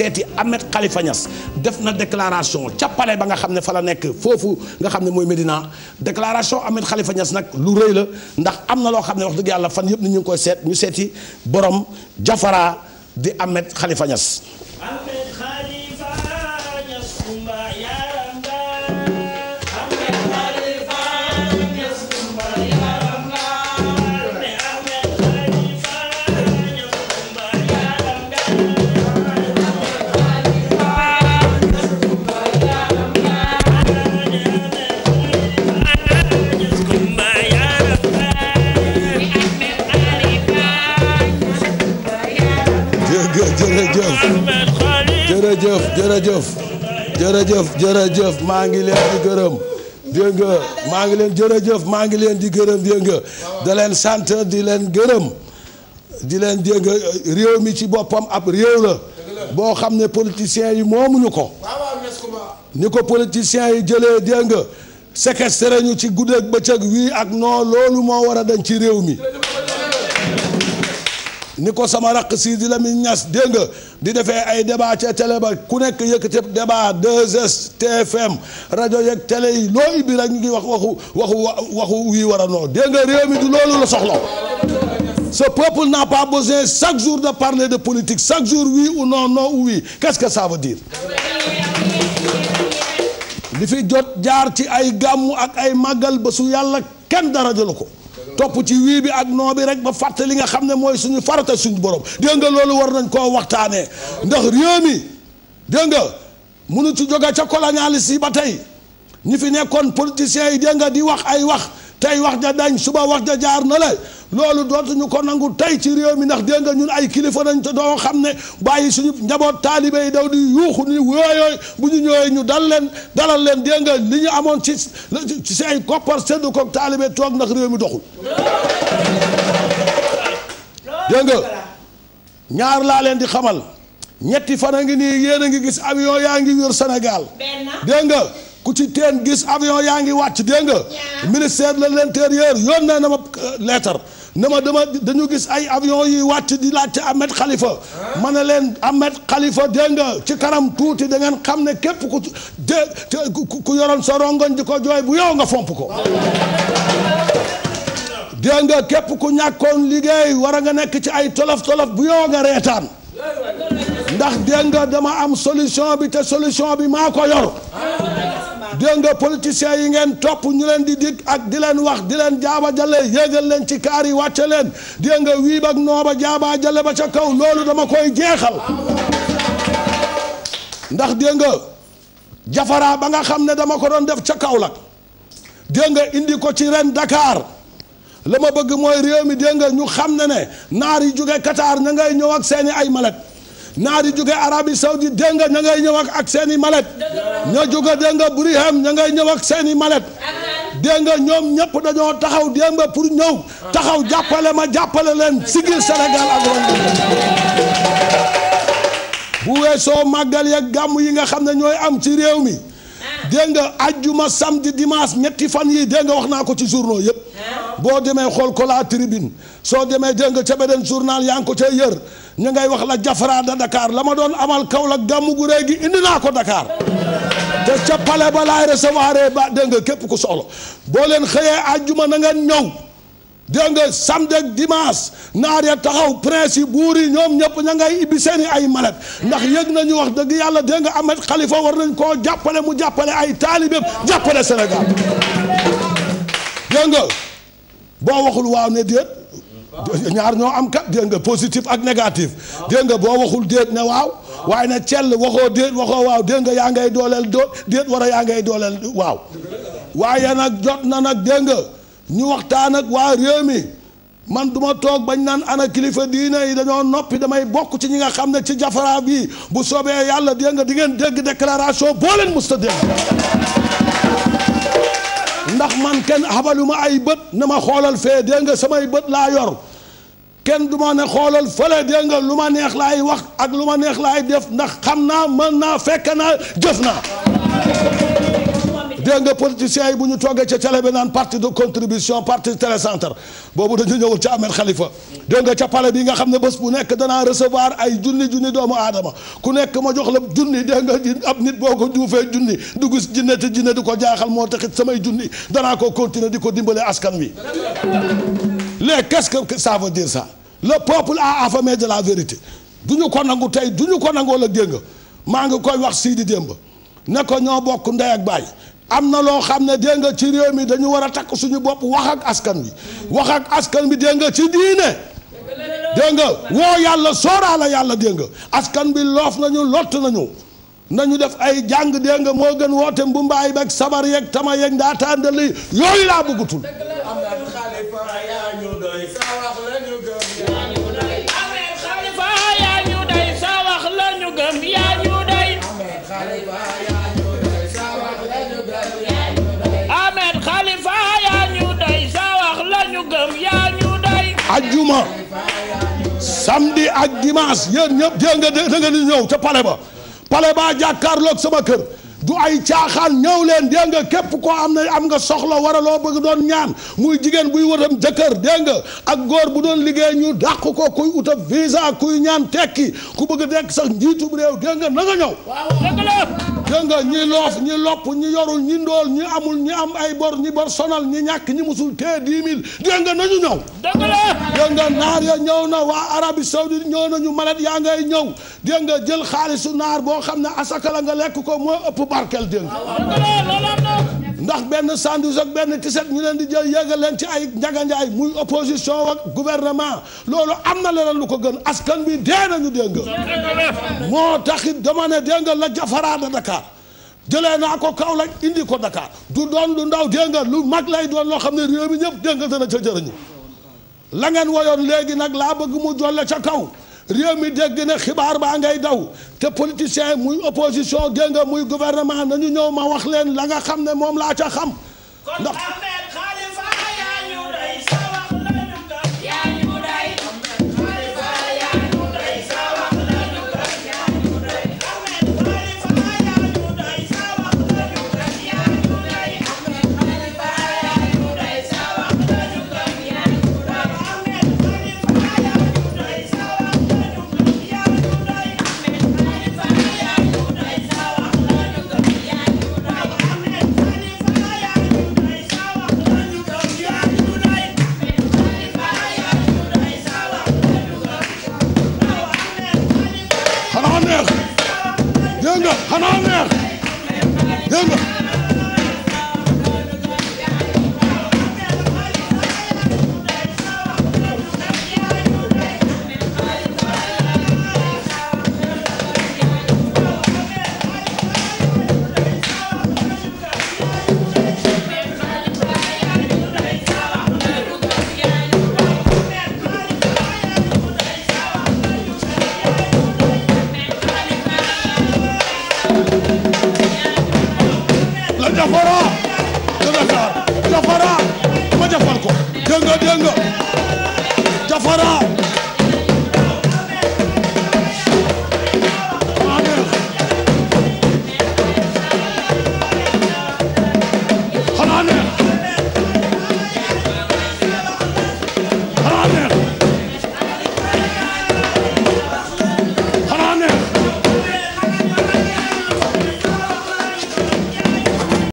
seeti Ahmed Khalifa Niass def na déclaration ca ba nga xam ne fa la nekk foofu nga xam ne mooy Médina déclaration Ahmed Khalifa Niass nag lu rëy la ndax am na loo xam ne wax dëgg yàlla fan yëpp ni ñu ngi koy seet ñu seeti borom jafara di Ahmed Khalifa Niass. jërëjëf jërëjëf jërëjëf maa ngi leen di gërëm maa ngi leen jërëjëf maa ngi leen di gërëm dégg nga leen sant di leen gërëm di leen dégg nga réew mi ci boppam ab réew la boo xam ne politiciens yi moomuñu ko ni ko politiciens yi jëlee dégg nga séquestré ñu ci guddeeg bëccëg wii ak noo loolu moo war a dañ ci réew mi ni ko sama raq Sidi Lamine Niass dégg nga di defee ay débat ca télé ba ku nekk yëkkati débat 2S TFM rajo yeeg télé yi loo ibbi rek ñu ngi wax waxu waxu waxu wii war a noo dégg réew mi du loolu la soxla ce peuple n'a pas besoin chaque jour de parler de politique chaque jour oui ou no non ou oui quest que ça veut dire li fi jot jaar ci ay gàmmu ak ay màggal ba su yàlla kenn dara jëlu ko topp ci wii bi ak noo bi rek ba fàtte li nga xam ne mooy suñu farata suñu borom dégg nga loolu war nañ koo waxtaanee ndax réew mi dégg nga munu ci jóge ca colonialiste yi ba tey ñu fi nekkoon politiciens yi dégg di wax ay wax tey wax ja dañ suba wax ja jaar na la loolu dootuñu ko nangu tey ci réew mi ndax dégg nga ñun ay kilifa nañ te doo xam ne bàyyi suñu njaboot taalibe yi daw di yuuxu ni wooyooy bu ñu ñëwee ñu dal leen dalal leen dégg li ñu amoon ci ci ay koppar seddu ko taalibe toog ndax réew mi doxul dégg ñaar laa leen di xamal ñetti fan a ngi nii yéen a ngi gis avion yaa ngi wër Sénégal dégg ku ci teen gis avion yaa ngi wàcc dégg nga ministère de l'intérieur yoon na na ma euh, leetar ne ma dama dañu gis ay avion yuy wàcc di laajte Ahmed Khalifa ma ne leen Ahmed xalifa dégg ci kanam tuuti da ngeen xam ne képp ku dé ku yoroon sa rongoñ di ko jooy bu yow nga fomp ko dégg képp ku ñàkkoon liggéey war a nga nekk ci ay tolof tolof bu yow nga reetaan ndax dégg dama am solution bi te solution bi maa ko yor dégg nga politiciens yi ngeen topp ñu leen di dig ak di leen wax di leen jaaba jale yéegal leen ci kaar yi wàcce leen dégg nga wiib ak nooba jaaba jale ba ca kaw loolu dama koy jeexal ndax dégg nga jafaraa ba nga xam ne dama ko doon def ca Kaolack dégg nga indi ko ci ren Dakar la ma bëgg mooy réew mi dégg nga ñu xam ne ne naar yi jóge Qatar na ngay ñëw ak seeni ay malet naar yi jóge Arabie Saoudite dégg nga ña ngay ñëw ak seen i malet ña jóge dégg nga Birmingham ña ngay ñëw ak seeni malet dégg ñoom ñëpp dañoo taxaw dégg nga pour ñëw taxaw jàppale ma jàppale leen sigil Sénégal ak bu weesoo màggal yeeg gàmm yi nga xam ne ñooy am ci réew mi dégg nga ajjuma samedi dimanche ñetti fan yii dégg nga wax naa ko ci journaux yëpp boo demee xool ko la tribune soo demee dégg nga ca beneen journal yaa ngi ko cay yër ña ngay wax la jafaraa da Dakar la ma doon amal Kaolack gàmmu gu rëy gi indi naa ko Dakar te ca palais ba laay recevoir ba dégg nga képp ku soxla boo leen xëyee àjjuma na ñëw dégg nga samedi ak dimanche naar ya taxaw prince yi buur yi ñoom ñëpp ña ngay ibbi seeni ay malet ndax yëg nañu wax dëgg yàlla dégg nga Ahmed Khalifa war nañ koo jàppale mu jàppale ay taalibeem jàppale Sénégal dégg boo waxul waaw ne déet ñaar ñoo am kat dégg nga positif ak négatif dégg nga boo waxul déet ne waaw waaye ne cell waxoo déet waxoo waaw dégg nga yaa ngay dooleel doo déet war a yaa ngay dooleel waaw waaye nag jot na nag dégg nga ñu waxtaan ak waa réew mi man du ma toog bañ naan ana kilifa diine yi dañoo noppi damay bokk ci ñi nga xam ne ci jafara bi bu soobee yàlla dégg nga di ngeen dégg déclaration boo leen musta dégg ndax man kenn xabaluma ay bët na ma xoolal fee samay bët laa yor kenn du ma ne xoolal fële dégg nga lu ma neex laay wax ak lu ma neex laay def ndax xam naa mën naa fekk naa jëf naa dégg nga yi bu ñu toogee ca télé naan parti de contribution parti télécentre boobu dañu ñëw ca Ahmed Khalifa dégg nga ca palais bi nga xam ne bés bu nekk danaa recevoir ay junni junni doomu aadama ku nekk ma jox la junni dégg nga ab nit boo ko juufee junni du gis jinne te jinne di ko jaaxal moo taxit samay junni danaa ko continuer di ko dimbalee askan wi léegi qu'est-ce que ça veut dire ça le peuple a affamé de la vérité du ñu ko nangu tey du ko nangoo la dégg maa ngi koy wax sii di démb ne ñoo bokk ndey ak baay am na loo xam ne dégg nga ci réew mi dañu war a takk suñu bopp wax ak askan bi wax ak askan bi dégg nga ci diine dégg nga woo yàlla sooraale yàlla dégg askan bi loof nañu lott nañu nañu def ay jàng dégg nga moo gën woote mbumbaay beeg sabar yeeg tama yeeg ndaataan de lii yooyu laa bëggatul ak juma samedi ak dimanche yéen ñëpp jël ñëw ca pale ba pale ba jàkkaarloog sama kër. du ay caaxaan ñëw leen dégg képp ko am na am nga soxla wara loo bëgg doon ñaan muy jigéen buy watam jëkkër dégg nga ak góor bu doon liggéey ñu dàq ko kuy uta visa kuy ñaan tekki ku bëgg dekk sax njiitub réew dégg nga na nga ñëw dégg nga ñi loof ñi lopp ñi yorul ñi ndool ñi amul ñi am ay bor ñi bor sonal ñi ñàkk ñi musul tee dix mille dégg nga nañu ñëw dégg nga naar ya ñëw na waa Arabie Saoudite ñëw nañu malet yaa ngay ñëw dégg jël xaalisu naar boo xam ne asaka la nga lekk barkeel jën ndax benn sandwich ak benn tiset ñu leen di jël yéegal leen ci ay njaganjaay muy opposition ak guvernement loolu am na leneen lu ko gën askan bi dee nañu dégg nga moo taxit dama ne dégg la jafaraada Dakar jëlee naa ko Kaolack indi ko dakaar du doon lu ndaw dégg lu mag lay doon loo xam ne réew mi ñëpp dégg nga dana ca jëriñu la ngeen woyoon léegi nag laa bëgg mu jolle ca kaw réew mi dégg na xibaar baa ngay daw te politicien muy opposition génga muy gouvernement nañu ñëw ma wax leen la nga xam ne moom laa ca xam ndax Hallelujah. Mbodia Fora